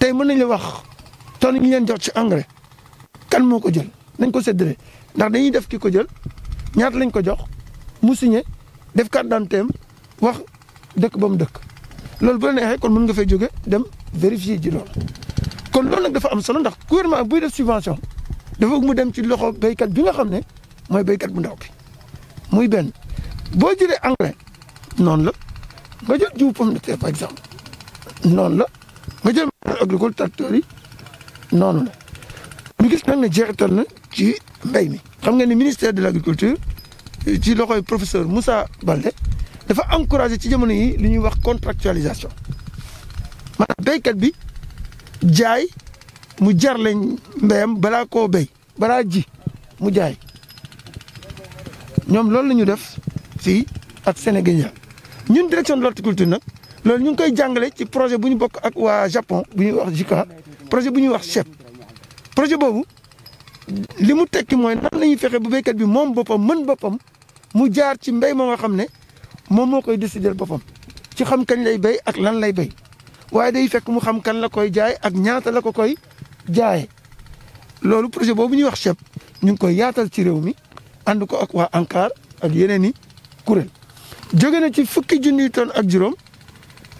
tay mën nañ la wax tonne ñu leen jox ci engrais kan moo ko jël nañ ko séddale ndax dañuy def ki ko jël ñaata lañ ko jox mu signé def carte d'identité wax dëkk ba mu dëkk loolu bu la neexee kon mën nga fay jóge dem vérifier ji loolu. kon loolu nag dafa am solo ndax gouvernement buy def subvention dafa mu dem ci loxo béykat bi nga xam ne mooy béykat bu ndaw bi muy benn boo jëlee engrais noonu la nga jël jiwu pomme de terre par exemple noonu la nga jël agriculteurs yi noonu la ñu gis nag ne jeexital na ci mbéy mi xam nga ni ministère de l' agriculture ci loxoy professeur Moussa Baldé dafa encouragé ci jamono yi li ñuy wax contractualisation maanaam béykat bi jaay mu jar leen mbéyam balaa koo béy balaa ji mu jaay ñoom loolu la def fii ak Sénégal ñun direction de l'horticulture nag loolu ñu ngi koy jàngale ci projet bu ñu waa Japon bu ñuy wax JICA projet bu ñuy wax CHEP projet boobu li mu tekki mooy nan la ñuy fexe bu béykat bi moom boppam mën boppam mu jaar ci mbéy moo nga xam ne moom moo koy décider boppam ci xam kañ lay bay ak lan lay bay waaye day fekk mu xam kan la koy jaay ak ñaata la ko koy jaayee loolu projet boobu ñuy wax CHEP ñu ngi koy yaatal ci réew mi ànd ko ak waa ANCAR ak yeneen i kuréel jóge na ci fukki junniy tonnes ak juróom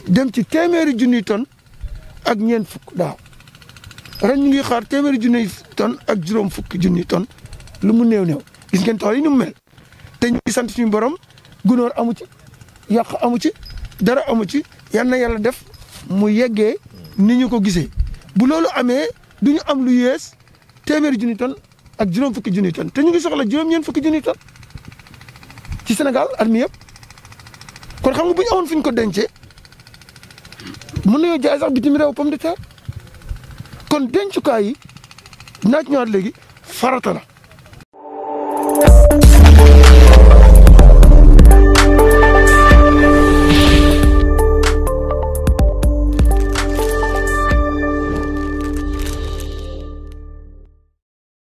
dem ci téeméeri junniy tonnes ak ñeent fukk daaw ren ñu ngi xaar téeméeri junniy tonnes ak juróom fukki junniy tonnes lu mu néew néew gis ngeen tool yi ni mu mel te suñu borom gunóor amu ci yàq amu ci dara amu ci yal na def mu yegge ni ñu ko gisee bu loolu amee du ñu am lu yées téeméeri junniy tonnes ak juróom fukki junniy tonnes te ñu ngi soxla juróom-ñeent fukki junniy tonnes ci Sénégal at yëpp kon xam nga buñ ñu amoon fu ko dencee. mën nañoo jaay sax bitim réew pomme de terre kon dencukaay yi naaj ñëwaat léegi farata la.